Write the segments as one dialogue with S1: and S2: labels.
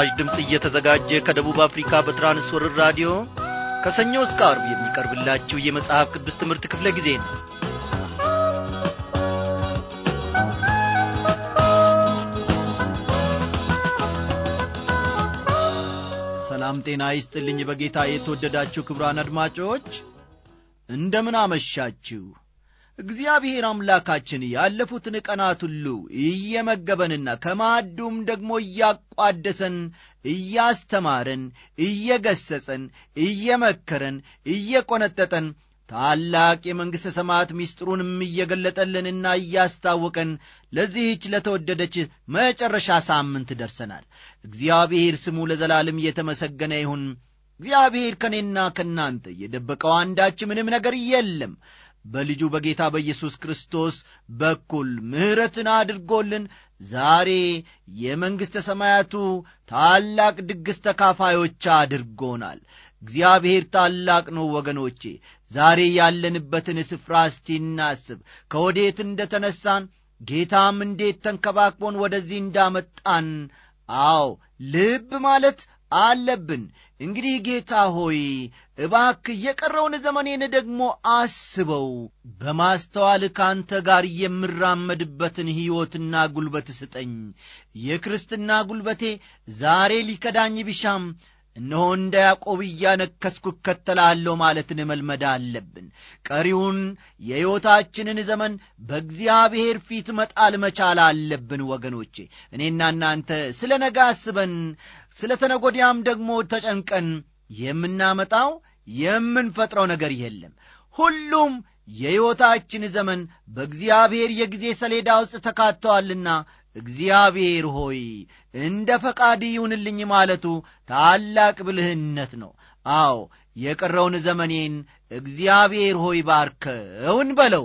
S1: ለመስራች ድምፅ እየተዘጋጀ ከደቡብ አፍሪካ በትራንስወርር ራዲዮ ከሰኞ እስከ አርብ የሚቀርብላችሁ የመጽሐፍ ቅዱስ ትምህርት ክፍለ ጊዜ ነው ሰላም ጤና ይስጥልኝ በጌታ የተወደዳችሁ ክብራን አድማጮች እንደምን አመሻችሁ እግዚአብሔር አምላካችን ያለፉትን ቀናት ሁሉ እየመገበንና ከማዱም ደግሞ እያቋደሰን እያስተማረን፣ እየገሰጸን፣ እየመከረን፣ እየቈነጠጠን ታላቅ የመንግሥተ ሰማያት ምስጢሩንም እየገለጠልንና እያስታወቀን ለዚህች ለተወደደች መጨረሻ ሳምንት ደርሰናል። እግዚአብሔር ስሙ ለዘላለም እየተመሰገነ ይሁን። እግዚአብሔር ከእኔና ከእናንተ የደበቀው አንዳች ምንም ነገር የለም። በልጁ በጌታ በኢየሱስ ክርስቶስ በኩል ምሕረትን አድርጎልን ዛሬ የመንግሥተ ሰማያቱ ታላቅ ድግስ ተካፋዮች አድርጎናል። እግዚአብሔር ታላቅ ነው ወገኖቼ። ዛሬ ያለንበትን ስፍራ እስቲ እናስብ። ከወዴት እንደ ተነሳን ጌታም እንዴት ተንከባክቦን ወደዚህ እንዳመጣን አዎ ልብ ማለት አለብን። እንግዲህ ጌታ ሆይ እባክ የቀረውን ዘመኔን ደግሞ አስበው፣ በማስተዋል ከአንተ ጋር የምራመድበትን ሕይወትና ጉልበት ስጠኝ። የክርስትና ጉልበቴ ዛሬ ሊከዳኝ ቢሻም እነሆ እንደ ያዕቆብ እያነከስኩ እከተላለሁ ማለትን መልመድ አለብን። ቀሪውን የሕይወታችንን ዘመን በእግዚአብሔር ፊት መጣል መቻል አለብን። ወገኖቼ እኔና እናንተ ስለ ነገ አስበን ስለ ተነጎዲያም ደግሞ ተጨንቀን የምናመጣው የምንፈጥረው ነገር የለም። ሁሉም የሕይወታችን ዘመን በእግዚአብሔር የጊዜ ሰሌዳ ውስጥ ተካተዋልና እግዚአብሔር ሆይ እንደ ፈቃድ ይሁንልኝ ማለቱ ታላቅ ብልህነት ነው። አዎ የቀረውን ዘመኔን እግዚአብሔር ሆይ ባርከውን በለው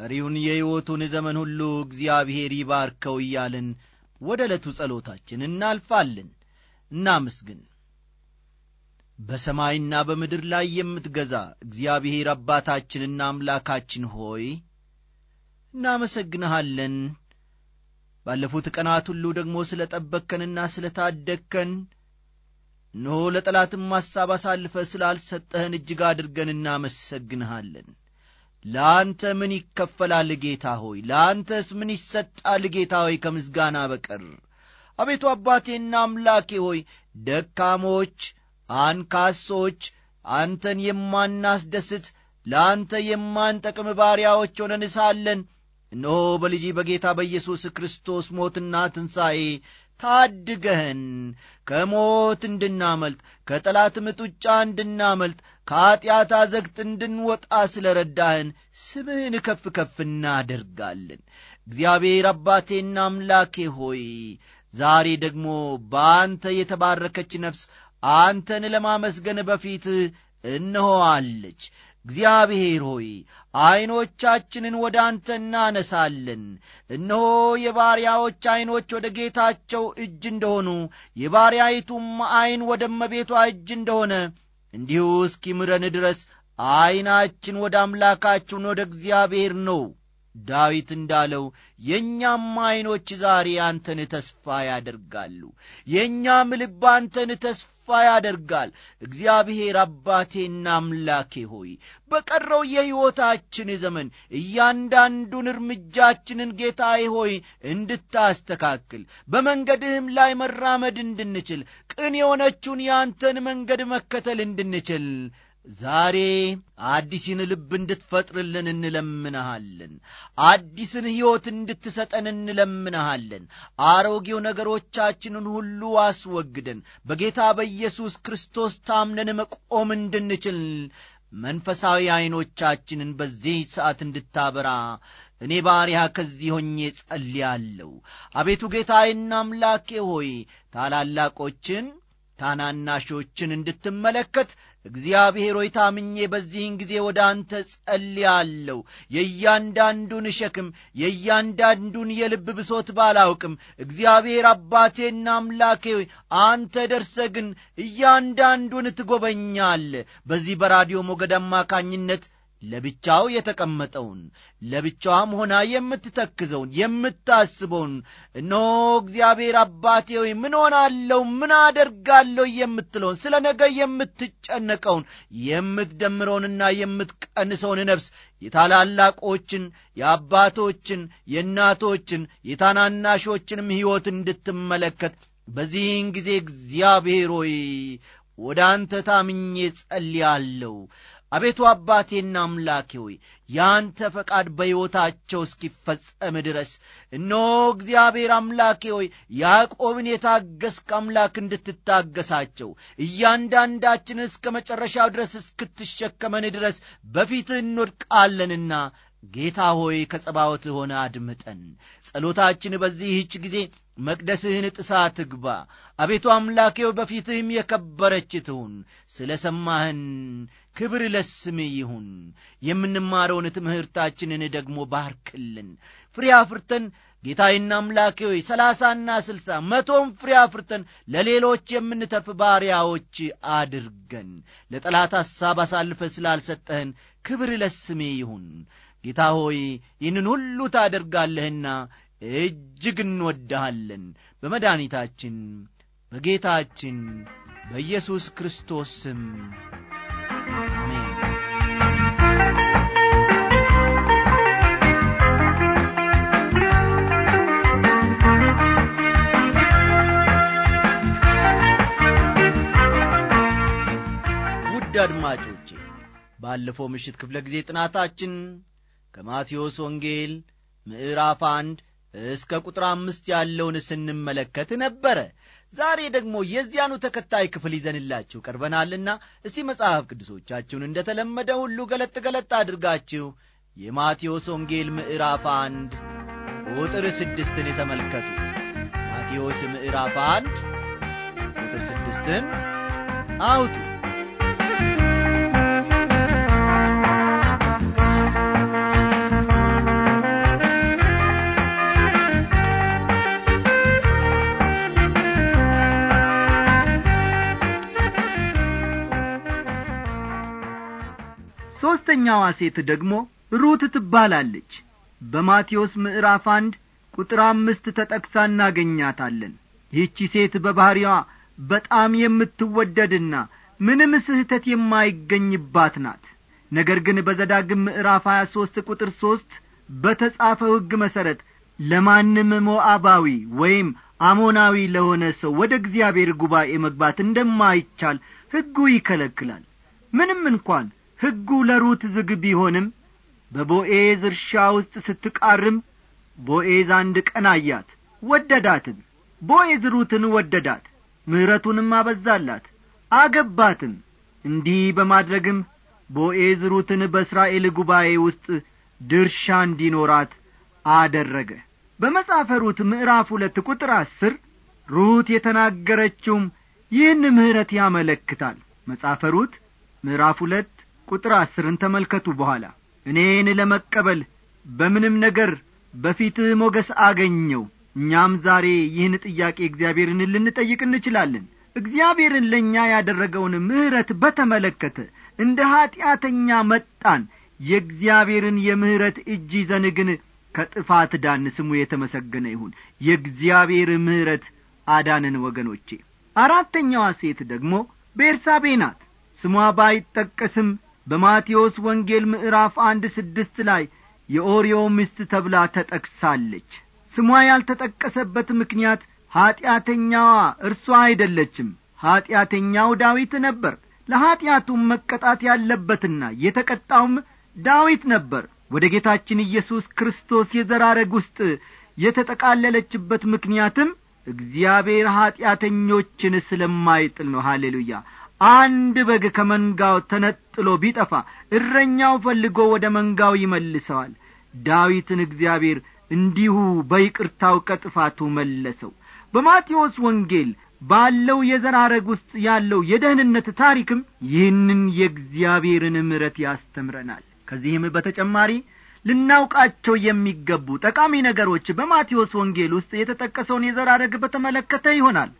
S1: ቀሪውን የሕይወቱን ዘመን ሁሉ እግዚአብሔር ይባርከው እያልን ወደ ዕለቱ ጸሎታችን እናልፋለን እናምስግን። በሰማይና በምድር ላይ የምትገዛ እግዚአብሔር አባታችንና አምላካችን ሆይ እናመሰግንሃለን ባለፉት ቀናት ሁሉ ደግሞ ስለ ጠበከንና ስለ ታደግከን እነሆ ለጠላትም ሐሳብ አሳልፈ ስላልሰጠህን እጅግ አድርገን እናመሰግንሃለን ለአንተ ምን ይከፈላል ጌታ ሆይ? ለአንተስ ምን ይሰጣል ጌታ ሆይ ከምስጋና በቀር? አቤቱ አባቴና አምላኬ ሆይ ደካሞች፣ አንካሶች፣ አንተን የማናስደስት ለአንተ የማንጠቅም ባሪያዎች ሆነን ሳለን እነሆ በልጅ በጌታ በኢየሱስ ክርስቶስ ሞትና ትንሣኤ ታድገህን ከሞት እንድናመልጥ ከጠላት ምጡጫ እንድናመልጥ ከኀጢአት አዘግጥ እንድንወጣ ስለ ረዳህን ስምህን ከፍ ከፍ እናደርጋለን እግዚአብሔር አባቴና አምላኬ ሆይ ዛሬ ደግሞ በአንተ የተባረከች ነፍስ አንተን ለማመስገን በፊት እነሆ አለች እግዚአብሔር ሆይ ዐይኖቻችንን ወደ አንተ እናነሳለን። እነሆ የባሪያዎች ዐይኖች ወደ ጌታቸው እጅ እንደሆኑ የባሪያይቱም ዐይን ወደ መቤቷ እጅ እንደሆነ እንዲሁ እስኪምረን ድረስ ዐይናችን ወደ አምላካችን ወደ እግዚአብሔር ነው። ዳዊት እንዳለው የእኛም ዐይኖች ዛሬ አንተን ተስፋ ያደርጋሉ፣ የእኛም ልብ አንተን ተስፋ ተስፋ ያደርጋል። እግዚአብሔር አባቴና አምላኬ ሆይ በቀረው የሕይወታችን ዘመን እያንዳንዱን እርምጃችንን ጌታዬ ሆይ እንድታስተካክል በመንገድህም ላይ መራመድ እንድንችል ቅን የሆነችውን የአንተን መንገድ መከተል እንድንችል ዛሬ አዲስን ልብ እንድትፈጥርልን እንለምንሃለን። አዲስን ሕይወት እንድትሰጠን እንለምንሃለን። አሮጌው ነገሮቻችንን ሁሉ አስወግደን በጌታ በኢየሱስ ክርስቶስ ታምነን መቆም እንድንችል መንፈሳዊ ዐይኖቻችንን በዚህ ሰዓት እንድታበራ እኔ ባሪያ ከዚህ ሆኜ ጸልያለሁ። አቤቱ ጌታዬና አምላኬ ሆይ ታላላቆችን ታናናሾችን እንድትመለከት እግዚአብሔር ሆይ ታምኜ በዚህን ጊዜ ወደ አንተ ጸልያለሁ። የእያንዳንዱን ሸክም የእያንዳንዱን የልብ ብሶት ባላውቅም እግዚአብሔር አባቴና አምላኬ አንተ ደርሰ ግን እያንዳንዱን ትጎበኛለ። በዚህ በራዲዮ ሞገድ አማካኝነት ለብቻው የተቀመጠውን ለብቻዋም ሆና የምትተክዘውን የምታስበውን እነሆ እግዚአብሔር አባቴ ሆይ ምን ሆናለሁ ምን አደርጋለሁ የምትለውን ስለ ነገ የምትጨነቀውን የምትደምረውንና የምትቀንሰውን ነብስ የታላላቆችን የአባቶችን የእናቶችን የታናናሾችንም ሕይወት እንድትመለከት በዚህን ጊዜ እግዚአብሔር ሆይ ወደ አንተ ታምኜ ጸልያለሁ አቤቱ አባቴና አምላኬ ሆይ ያንተ ፈቃድ በሕይወታቸው እስኪፈጸም ድረስ እኖ እግዚአብሔር አምላኬ ሆይ ያዕቆብን የታገስክ አምላክ እንድትታገሳቸው እያንዳንዳችንን እስከ መጨረሻው ድረስ እስክትሸከመን ድረስ በፊትህ እንወድቃለንና ጌታ ሆይ ከጸባወት ሆነ አድምጠን። ጸሎታችን በዚህች ጊዜ መቅደስህን ጥሳ ትግባ። አቤቱ አምላኬው በፊትህም የከበረች ትሁን። ስለ ሰማህን ክብር ለስም ይሁን። የምንማረውን ትምህርታችንን ደግሞ ባርክልን። ፍሬ አፍርተን ጌታዬና አምላኬ ሆይ ሰላሳና ስልሳ መቶም ፍሬ አፍርተን ለሌሎች የምንተርፍ ባሪያዎች አድርገን። ለጠላት ሐሳብ አሳልፈ ስላልሰጠህን ክብር ለስሜ ይሁን። ጌታ ሆይ ይህንን ሁሉ ታደርጋለህና እጅግ እንወድሃለን። በመድኃኒታችን በጌታችን በኢየሱስ ክርስቶስ ስም ውድ አድማጮቼ ባለፈው ምሽት ክፍለ ጊዜ ጥናታችን ከማቴዎስ ወንጌል ምዕራፍ አንድ እስከ ቁጥር አምስት ያለውን ስንመለከት ነበረ ዛሬ ደግሞ የዚያኑ ተከታይ ክፍል ይዘንላችሁ ቀርበናልና እስቲ መጽሐፍ ቅዱሶቻችሁን እንደተለመደ ሁሉ ገለጥ ገለጥ አድርጋችሁ የማቴዎስ ወንጌል ምዕራፍ አንድ ቁጥር ስድስትን የተመልከቱ። ማቴዎስ ምዕራፍ አንድ ቁጥር ስድስትን አውጡ። ሦስተኛዋ ሴት ደግሞ ሩት ትባላለች በማቴዎስ ምዕራፍ አንድ ቁጥር አምስት ተጠቅሳ እናገኛታለን ይህቺ ሴት በባሕሪዋ በጣም የምትወደድና ምንም ስህተት የማይገኝባት ናት ነገር ግን በዘዳግም ምዕራፍ ሀያ ሦስት ቁጥር ሦስት በተጻፈው ሕግ መሠረት ለማንም ሞአባዊ ወይም አሞናዊ ለሆነ ሰው ወደ እግዚአብሔር ጉባኤ መግባት እንደማይቻል ሕጉ ይከለክላል ምንም እንኳን ሕጉ ለሩት ዝግ ቢሆንም በቦኤዝ እርሻ ውስጥ ስትቃርም ቦኤዝ አንድ ቀን አያት ወደዳትም ቦኤዝ ሩትን ወደዳት ምሕረቱንም አበዛላት አገባትም እንዲህ በማድረግም ቦኤዝ ሩትን በእስራኤል ጉባኤ ውስጥ ድርሻ እንዲኖራት አደረገ በመጻፈ ሩት ምዕራፍ ሁለት ቁጥር አስር ሩት የተናገረችውም ይህን ምሕረት ያመለክታል መጻፈ ሩት ምዕራፍ ሁለት ቁጥር አስርን ተመልከቱ በኋላ እኔን ለመቀበል በምንም ነገር በፊትህ ሞገስ አገኘው እኛም ዛሬ ይህን ጥያቄ እግዚአብሔርን ልንጠይቅ እንችላለን እግዚአብሔርን ለእኛ ያደረገውን ምሕረት በተመለከተ እንደ ኀጢአተኛ መጣን የእግዚአብሔርን የምሕረት እጅ ይዘን ግን ከጥፋት ዳን ስሙ የተመሰገነ ይሁን የእግዚአብሔር ምሕረት አዳንን ወገኖቼ አራተኛዋ ሴት ደግሞ ቤርሳቤ ናት ስሟ ባይጠቀስም በማቴዎስ ወንጌል ምዕራፍ አንድ ስድስት ላይ የኦሪዮ ሚስት ተብላ ተጠቅሳለች ስሟ ያልተጠቀሰበት ምክንያት ኀጢአተኛዋ እርሷ አይደለችም ኀጢአተኛው ዳዊት ነበር ለኀጢአቱም መቀጣት ያለበትና የተቀጣውም ዳዊት ነበር ወደ ጌታችን ኢየሱስ ክርስቶስ የዘራረግ ውስጥ የተጠቃለለችበት ምክንያትም እግዚአብሔር ኀጢአተኞችን ስለማይጥል ነው ሃሌሉያ አንድ በግ ከመንጋው ተነጥሎ ቢጠፋ እረኛው ፈልጎ ወደ መንጋው ይመልሰዋል ዳዊትን እግዚአብሔር እንዲሁ በይቅርታው ከጥፋቱ መለሰው በማቴዎስ ወንጌል ባለው የዘራረግ ውስጥ ያለው የደህንነት ታሪክም ይህንን የእግዚአብሔርን ምረት ያስተምረናል ከዚህም በተጨማሪ ልናውቃቸው የሚገቡ ጠቃሚ ነገሮች በማቴዎስ ወንጌል ውስጥ የተጠቀሰውን የዘራረግ በተመለከተ ይሆናል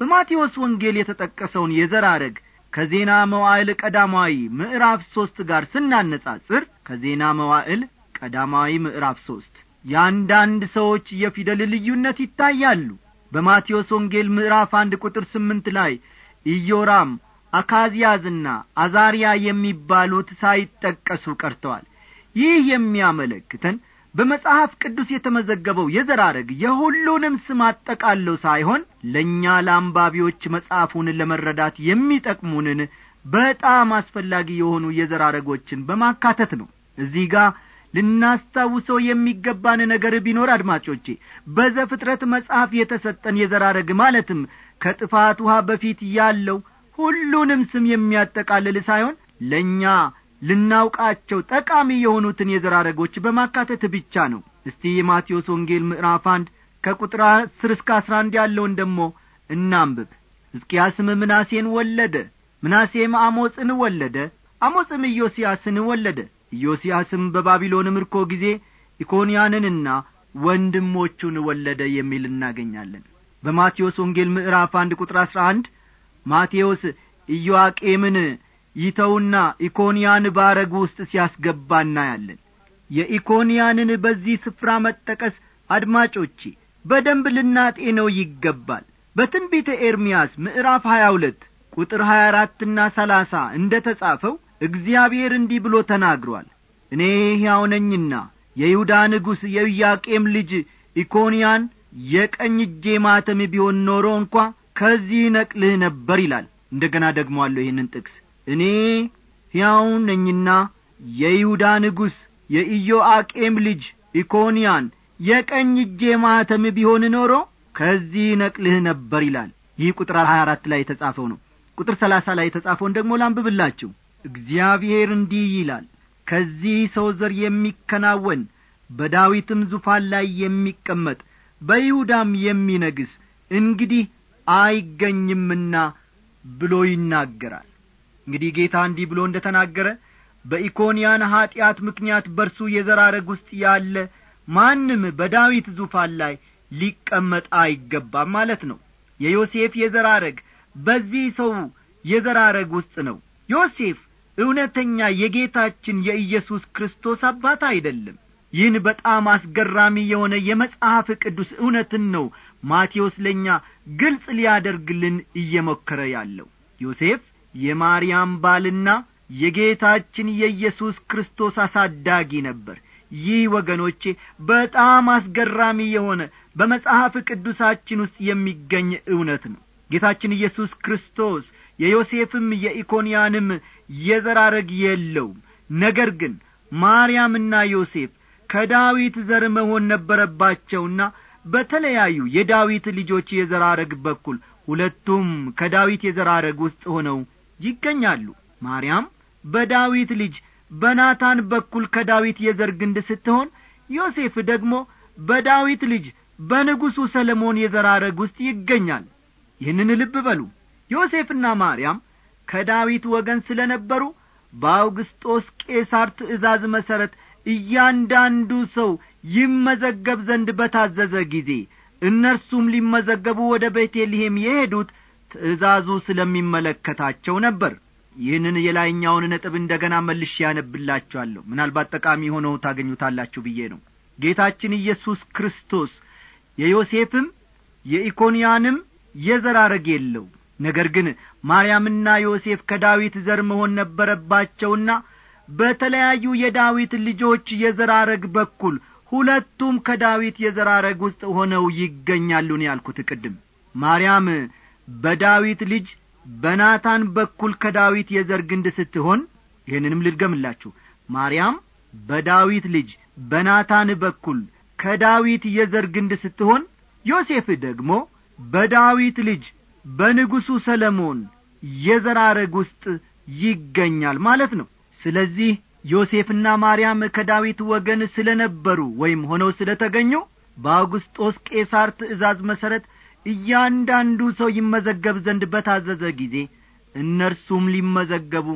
S1: በማቴዎስ ወንጌል የተጠቀሰውን የዘር ከዜና መዋዕል ቀዳማዊ ምዕራፍ ሦስት ጋር ስናነጻጽር ከዜና መዋዕል ቀዳማዊ ምዕራፍ ሦስት የአንዳንድ ሰዎች የፊደል ልዩነት ይታያሉ በማቴዎስ ወንጌል ምዕራፍ አንድ ቁጥር ስምንት ላይ ኢዮራም አካዝያዝና አዛሪያ የሚባሉት ሳይጠቀሱ ቀርተዋል ይህ የሚያመለክተን በመጽሐፍ ቅዱስ የተመዘገበው የዘራረግ የሁሉንም ስም አጠቃለው ሳይሆን ለእኛ ለአንባቢዎች መጽሐፉን ለመረዳት የሚጠቅሙንን በጣም አስፈላጊ የሆኑ የዘራረጎችን በማካተት ነው እዚህ ጋር ልናስታውሰው የሚገባን ነገር ቢኖር አድማጮቼ በዘፍጥረት መጽሐፍ የተሰጠን የዘራረግ ማለትም ከጥፋት ውሃ በፊት ያለው ሁሉንም ስም የሚያጠቃልል ሳይሆን ለእኛ ልናውቃቸው ጠቃሚ የሆኑትን የዘራረጎች በማካተት ብቻ ነው እስቲ የማቴዎስ ወንጌል ምዕራፍ አንድ ከቁጥር አስር እስከ አስራ አንድ ያለውን ደሞ እናንብብ ሕዝቅያስም ምናሴን ወለደ ምናሴም አሞፅን ወለደ አሞፅም ኢዮስያስን ወለደ ኢዮስያስም በባቢሎን ምርኮ ጊዜ ኢኮንያንንና ወንድሞቹን ወለደ የሚል እናገኛለን በማቴዎስ ወንጌል ምዕራፍ አንድ ቁጥር አሥራ አንድ ማቴዎስ ኢዮአቄምን ይተውና ኢኮንያን ባረግ ውስጥ ሲያስገባ እናያለን የኢኮንያንን በዚህ ስፍራ መጠቀስ አድማጮቼ በደንብ ነው ይገባል በትንቢተ ኤርምያስ ምዕራፍ 22 ቁጥር 24ና 30 እንደ ተጻፈው እግዚአብሔር እንዲህ ብሎ ተናግሯል እኔ ያውነኝና የይሁዳ ንጉሥ የኢያቄም ልጅ ኢኮንያን የቀኝ እጄ ማተም ቢሆን ኖሮ እንኳ ከዚህ ነቅልህ ነበር ይላል እንደ ገና ደግሞአለሁ ይህንን ጥቅስ እኔ ሕያው ነኝና የይሁዳ ንጉሥ የኢዮአቄም ልጅ ኢኮንያን የቀኝ እጄ ማኅተም ቢሆን ኖሮ ከዚህ ነቅልህ ነበር ይላል ይህ ቁጥር ሀያ አራት ላይ የተጻፈው ነው ቁጥር ሰላሳ ላይ የተጻፈውን ደግሞ ላንብብላችሁ እግዚአብሔር እንዲህ ይላል ከዚህ ሰው ዘር የሚከናወን በዳዊትም ዙፋን ላይ የሚቀመጥ በይሁዳም የሚነግስ እንግዲህ አይገኝምና ብሎ ይናገራል እንግዲህ ጌታ እንዲህ ብሎ እንደ ተናገረ በኢኮንያን ኀጢአት ምክንያት በርሱ የዘራረግ ውስጥ ያለ ማንም በዳዊት ዙፋን ላይ ሊቀመጥ አይገባም ማለት ነው የዮሴፍ የዘራረግ በዚህ ሰው የዘራረግ ውስጥ ነው ዮሴፍ እውነተኛ የጌታችን የኢየሱስ ክርስቶስ አባት አይደለም ይህን በጣም አስገራሚ የሆነ የመጽሐፍ ቅዱስ እውነትን ነው ማቴዎስ ለእኛ ግልጽ ሊያደርግልን እየሞከረ ያለው ዮሴፍ የማርያም ባልና የጌታችን የኢየሱስ ክርስቶስ አሳዳጊ ነበር ይህ ወገኖቼ በጣም አስገራሚ የሆነ በመጽሐፍ ቅዱሳችን ውስጥ የሚገኝ እውነት ነው ጌታችን ኢየሱስ ክርስቶስ የዮሴፍም የኢኮንያንም የዘራረግ የለውም ነገር ግን ማርያምና ዮሴፍ ከዳዊት ዘር መሆን ነበረባቸውና በተለያዩ የዳዊት ልጆች የዘራረግ በኩል ሁለቱም ከዳዊት የዘራረግ ውስጥ ሆነው ይገኛሉ ማርያም በዳዊት ልጅ በናታን በኩል ከዳዊት የዘር ግንድ ስትሆን ዮሴፍ ደግሞ በዳዊት ልጅ በንጉሡ ሰለሞን የዘራረግ ውስጥ ይገኛል ይህንን ልብ በሉ ዮሴፍና ማርያም ከዳዊት ወገን ስለ ነበሩ በአውግስጦስ ቄሳር ትእዛዝ መሠረት እያንዳንዱ ሰው ይመዘገብ ዘንድ በታዘዘ ጊዜ እነርሱም ሊመዘገቡ ወደ ቤቴልሔም የሄዱት ትእዛዙ ስለሚመለከታቸው ነበር ይህንን የላይኛውን ነጥብ እንደ ገና መልሼ ያነብላችኋለሁ ምናልባት ጠቃሚ ሆነው ታገኙታላችሁ ብዬ ነው ጌታችን ኢየሱስ ክርስቶስ የዮሴፍም የኢኮንያንም የዘራረግ የለው ነገር ግን ማርያምና ዮሴፍ ከዳዊት ዘር መሆን ነበረባቸውና በተለያዩ የዳዊት ልጆች የዘራረግ በኩል ሁለቱም ከዳዊት የዘራረግ ውስጥ ሆነው ይገኛሉን ያልኩት ቅድም ማርያም በዳዊት ልጅ በናታን በኩል ከዳዊት የዘር ግንድ ስትሆን ይህንንም ልድገምላችሁ ማርያም በዳዊት ልጅ በናታን በኩል ከዳዊት የዘር ግንድ ስትሆን ዮሴፍ ደግሞ በዳዊት ልጅ በንጉሡ ሰለሞን የዘራረግ ውስጥ ይገኛል ማለት ነው ስለዚህ ዮሴፍና ማርያም ከዳዊት ወገን ስለ ነበሩ ወይም ሆነው ስለ ተገኙ በአውግስጦስ ቄሳር ትእዛዝ መሠረት እያንዳንዱ ሰው ይመዘገብ ዘንድ በታዘዘ ጊዜ እነርሱም ሊመዘገቡ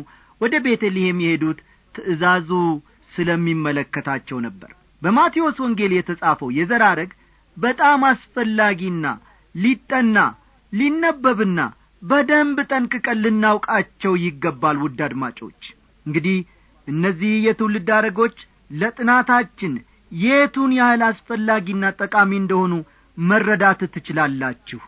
S1: ወደ ቤተልሔም የሄዱት ትእዛዙ ስለሚመለከታቸው ነበር በማቴዎስ ወንጌል የተጻፈው የዘራረግ በጣም አስፈላጊና ሊጠና ሊነበብና በደንብ ጠንቅቀን ልናውቃቸው ይገባል ውድ አድማጮች እንግዲህ እነዚህ የትውልድ አረጎች ለጥናታችን የቱን ያህል አስፈላጊና ጠቃሚ እንደሆኑ መረዳት ትችላላችሁ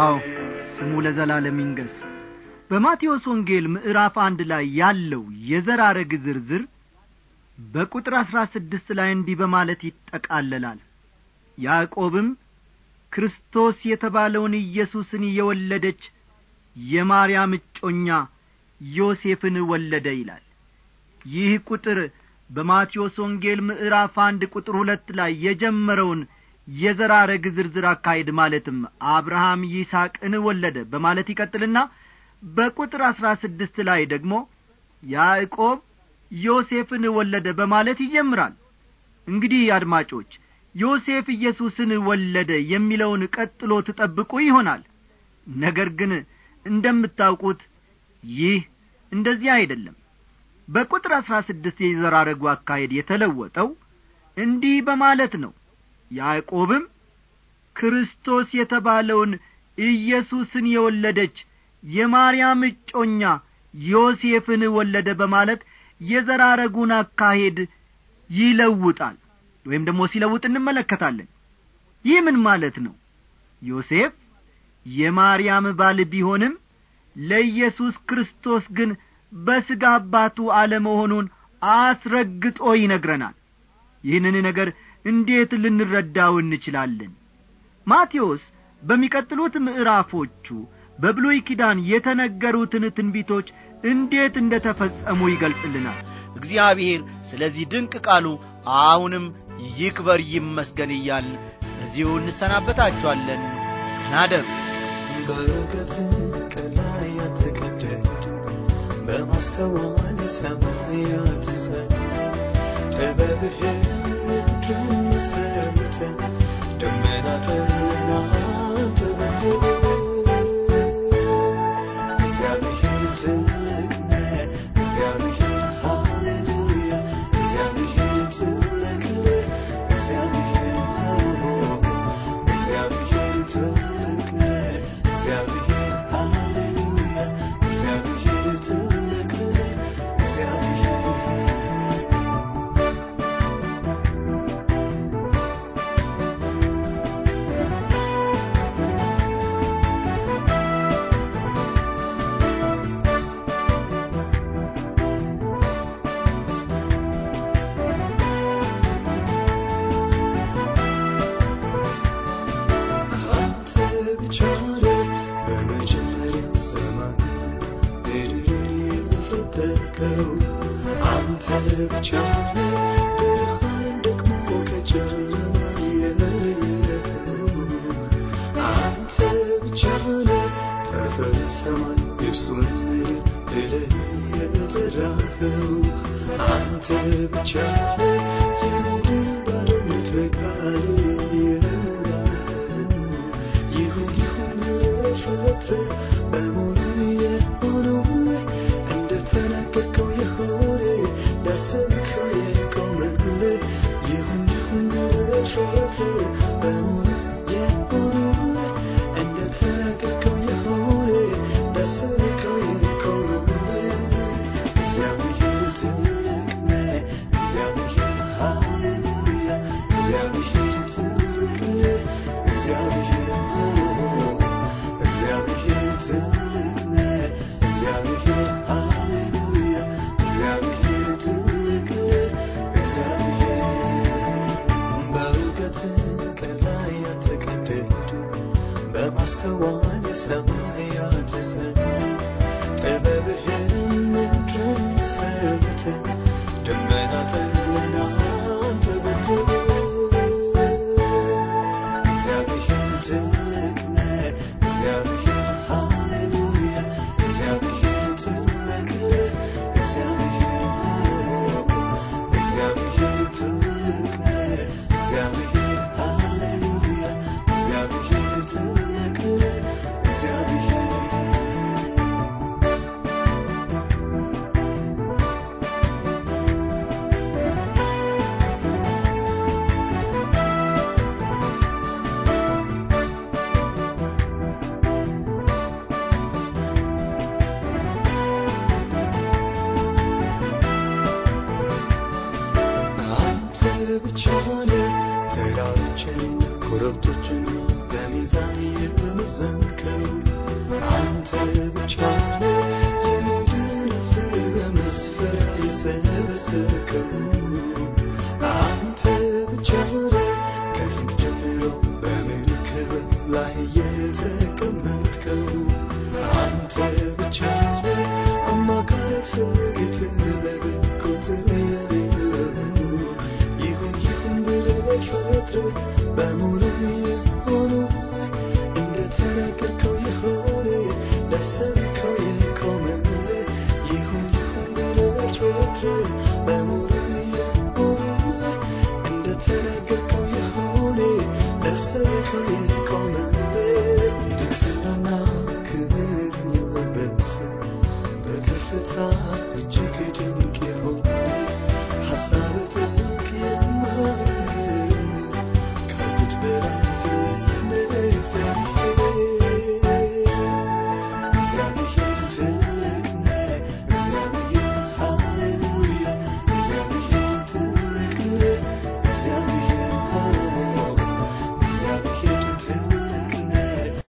S1: አዎ ስሙ ለዘላለም ይንገስ በማቴዎስ ወንጌል ምዕራፍ አንድ ላይ ያለው የዘራረግ ዝርዝር በቁጥር አሥራ ስድስት ላይ እንዲህ በማለት ይጠቃለላል ያዕቆብም ክርስቶስ የተባለውን ኢየሱስን የወለደች የማርያም እጮኛ ዮሴፍን ወለደ ይላል ይህ ቁጥር በማቴዎስ ወንጌል ምዕራፍ አንድ ቁጥር ሁለት ላይ የጀመረውን የዘራረግ ዝርዝር አካሄድ ማለትም አብርሃም ይስሐቅን ወለደ በማለት ይቀጥልና በቁጥር አሥራ ስድስት ላይ ደግሞ ያዕቆብ ዮሴፍን ወለደ በማለት ይጀምራል እንግዲህ አድማጮች ዮሴፍ ኢየሱስን ወለደ የሚለውን ቀጥሎ ትጠብቁ ይሆናል ነገር ግን እንደምታውቁት ይህ እንደዚህ አይደለም በቁጥር አሥራ ስድስት የዘራረጉ አካሄድ የተለወጠው እንዲህ በማለት ነው ያዕቆብም ክርስቶስ የተባለውን ኢየሱስን የወለደች የማርያም እጮኛ ዮሴፍን ወለደ በማለት የዘራረጉን አካሄድ ይለውጣል ወይም ደግሞ ሲለውጥ እንመለከታለን ይህ ምን ማለት ነው ዮሴፍ የማርያም ባል ቢሆንም ለኢየሱስ ክርስቶስ ግን በሥጋ አባቱ አለመሆኑን አስረግጦ ይነግረናል ይህንን ነገር እንዴት ልንረዳው እንችላለን ማቴዎስ በሚቀጥሉት ምዕራፎቹ በብሉይ ኪዳን የተነገሩትን ትንቢቶች እንዴት እንደ ተፈጸሙ ይገልጽልናል እግዚአብሔር ስለዚህ ድንቅ ቃሉ አሁንም ይክበር ይመስገን እያል እዚሁ እንሰናበታችኋለን ናደር
S2: ቀላይ በማስተዋል ሰማያት ጸና ጥበብህም ሰምተን ደመና تو ببین کته یالی لامو بله کتره به منوی آنومله این دت را که کوی هونه دست را کوی کامله به منوی آنومله این دت